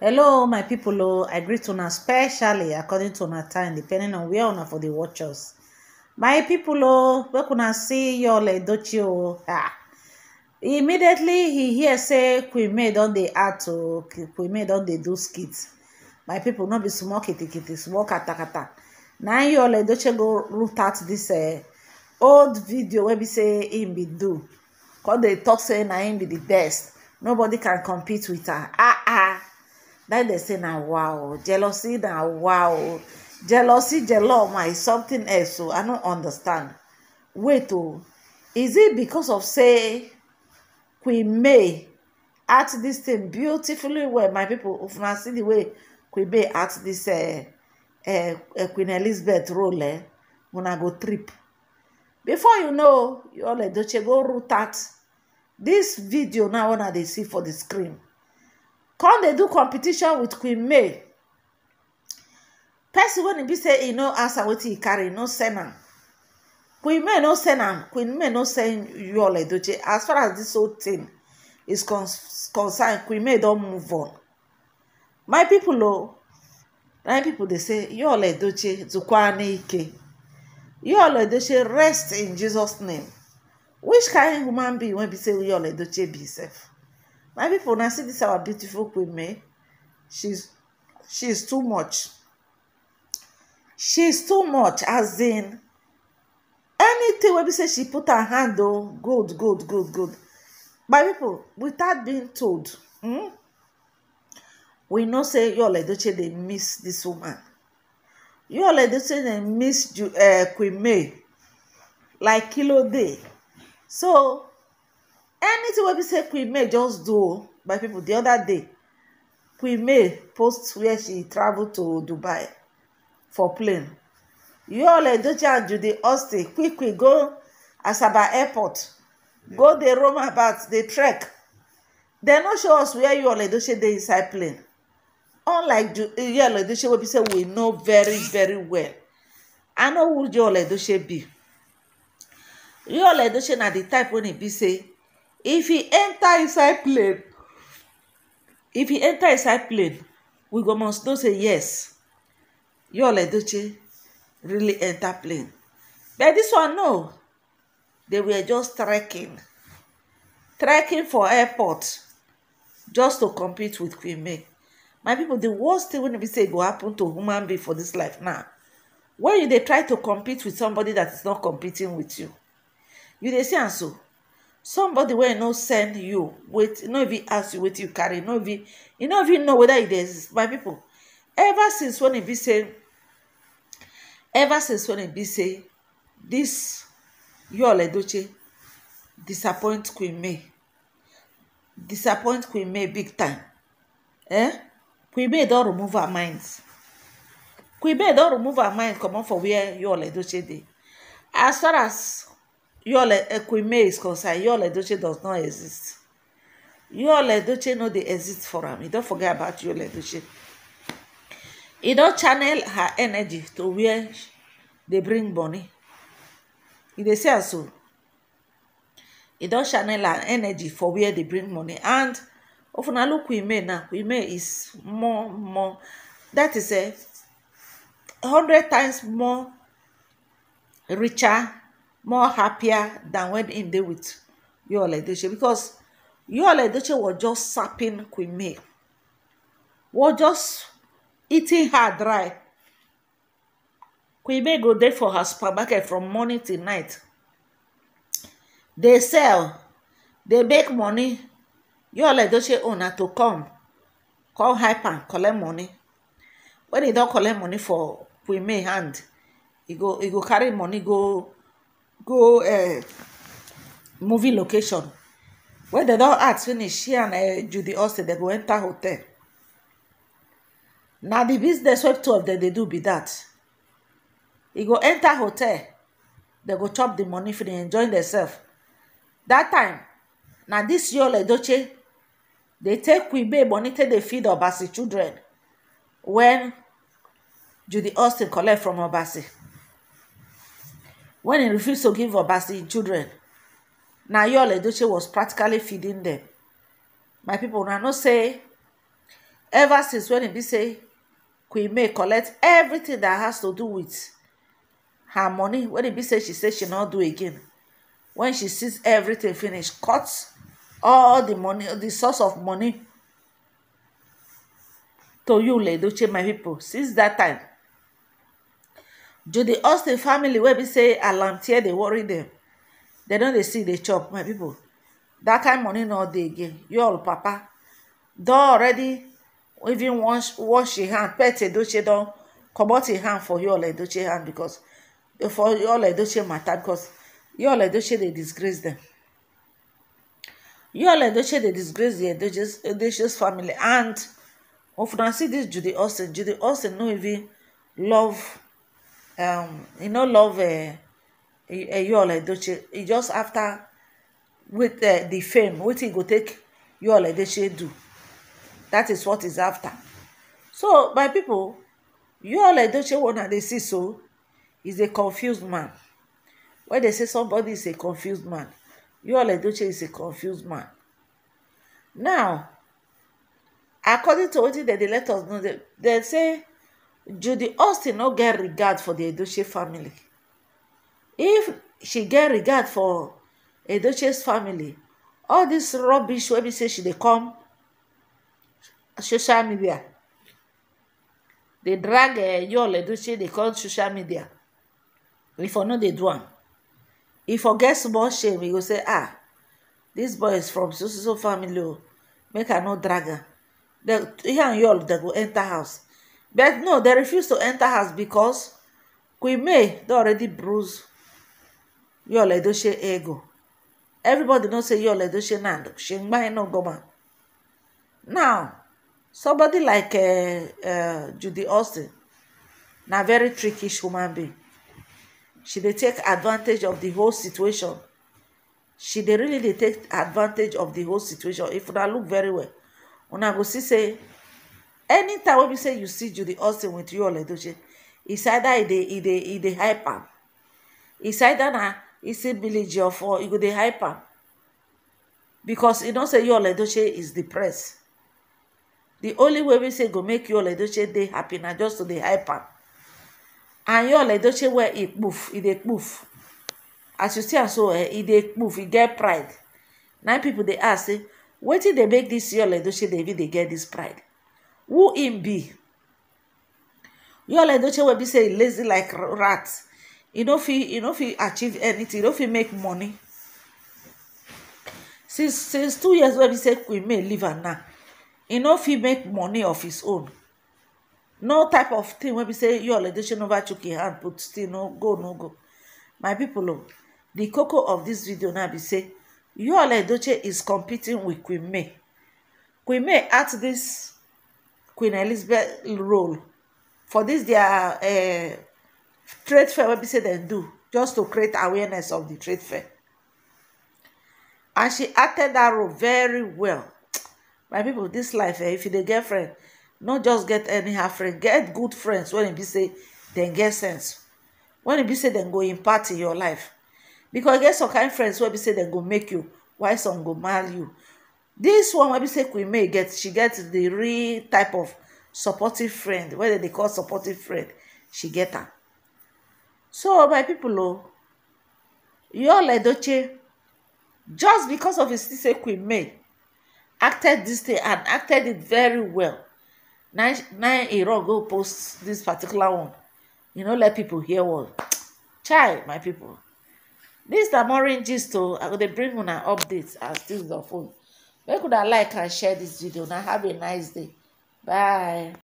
hello my people Oh, i greet una specially according to una time depending on where una for the watchers. my people o make una see Yul Edochie o ah immediately he hear say Queen May don dey act o oh, Queen May don dey do skits? my people not be small kitty kitty, small kata katakata na Yul Edochie go root out this uh, old video where be say him be do come they talk say na him be the best nobody can compete with her ah ah Then they say, now wow, jealousy, now wow. Jealousy, jeloma my something else. So I don't understand. Wait, oh, is it because of say Queen May act this thing beautifully well? My people, if you see the way Queen May act this uh, uh, uh, Queen Elizabeth role, eh, when I go trip. Before you know, you all don't you go root out this video now when they see for the screen come dey do competition with queen may person wey e be say e no answer wetin e carry no send am queen may no send am queen may no send yul edochie as far as this whole thing is concerned queen may don move on my people o oh, my people dey say yul edochie zukwa n'ike yul edochie rest in jesus name which kind of human be wey be say yul edochie be sef my people, na see this our beautiful queen may she's she's too much she's too much as in anything wey be say she put her hand on oh, good good good good my people, without being told hmm we know say yall edoche dey miss this woman yall edoche dey miss eh, queen may like kilo dey so anything wey be say queen may just do my oh, people the other day queen may post where she travel to dubai for plane You yul edochie and judy austin quick quick go asaba airport go dey roam about dey trek dem no show us where you yul edochie dey inside plane unlike yul edochie wey be say we know very very well i know who you yul edochie be yul edochie na the type wey e be say if he enter inside plane if he enter inside plane we go must know say yes Yul Edochie really enter plane but this one no they were just trekking trekking for airport just to compete with Queen May my people the worst thing wey be say go happen to human being for this life now when you they try to compete with somebody that is not competing with you you they say and so somebody wey no send you wetin no even ask you wetin you carry no even you no even know whether e dey exist my people ever since when e be say ever since when e be say this Yul doche disappoint Queen May disappoint Queen May big time eh Queen May don remove her mind Queen May don remove her mind comot for where Yul doche dey as far as yole ekwime is concerned yole edoche does not exist yole edoche no dey exist for am e don forget about yole edoche He don't channel her energy to where they bring money He dey say am so e don channel her energy for where they bring money and of I look women now women is more more that is a eh, hundred times more richer more happier than when in there with your Edochie because your Edochie was just sapping Queen May was just eating her dry Queen May go there for her supermarket from morning till night They sell they make money Your Edochie own to come come help am collect money when e don collect money for Queen May hand he go he go carry money go go uh, movie location When they don act finish she and uh, judy austin dem go enter hotel na the business wey two of dem dey do be that. e go enter hotel They go chop the money finish enjoy themselves That time na dis yole doche dey take queen babe money take dey feed obasi children when judy austin collect from obasi When he refused to give the children, now your Edochie was practically feeding them. My people now know say, ever since when he be say, Queen May collect everything that has to do with her money, when he be say she say she not do again. When she sees everything finished, cuts all the money, the source of money to you, Edochie, my people. Since that time, judy austin family where we say alamtear they worry them. They don't dey see dey chop my pipo dat kain money no dey again all papa don already even wash wash your hand pet edoche don comot your hand for Do edoche hand because for Do edoche matter because Do edoche they disgrace them. dem Do edoche they disgrace di edoche's family and if una see dis judy austin judy austin no even love um you know, love eh, eh, You all eyiole eh, edoche It just after with the fame wetin he go take You all yiole edoche do that is what is after so my all like edoche one i they see so is a confused man when they say somebody is a confused man you all yiole edoche is a confused man now according to what they they let us know they they say judy austin no get regard for di edoche family if she get regard for edoches family all dis rubbish wey be say she dey come social media dey drag eh, yall edoche dey come social media if for no dey do am e for get small shame e go say ah dis boy is from soso family o oh, make i no drag am and yall dem go enter house. but no they refuse to enter house because queen They already bruise yul edoche ego everybody know say yul edoche na shingbain no goma now somebody like eh, eh, judy austin na very trickish woman being she dey take advantage of the whole situation she dey really dey take advantage of the whole situation if una look very well una go see say anytime wey be say you see judy austin with you oledoche it's either e dey e they e they hype am it's either na e see billy geoff or you go they hype am because you e don't say you oledoche is depressed the only way we say go make you oledoche dey happy na just to dey hyper, and you oledoche where it move it dey move, as you see am so eh e dey poof e get pride na people they ask say wetin dey make dis your oledoche dey even dey get this pride who him be You all know edoche wey be say lazy like rat e no fit achieve anything e no fit make money since since two years wey we say queen may leave am now e no fit make money of his own no type of thing wey we say you all yoola edoche nova chook your hand put still no go no go my people oh, the cocoa of this video now be say you yoola edoche is competing with queen may queen may ask dis queen elizabeth role for this, dis dia eh, trade fair wey be say dem do just to create awareness of the trade fair and she acted that role very well my people, this life eh, if you dey get friend no just get any anyhow friend get good friends when e be say dem get sense when e be say dem go impact in your life because you e get some kind friends wey be say dem go make you while some go marry you This one wey be say queen may get she gets the real type of supportive friend Whether they call supportive friend she get her. so my pipo your yall edoche just because of e still say queen may acted this day and acted it very well Nine nine run go post this particular one You know, let people hear word chai my pipo dis na morning gist o i go dey bring an update as dis is your phone make una like and share dis video na have a nice day bye.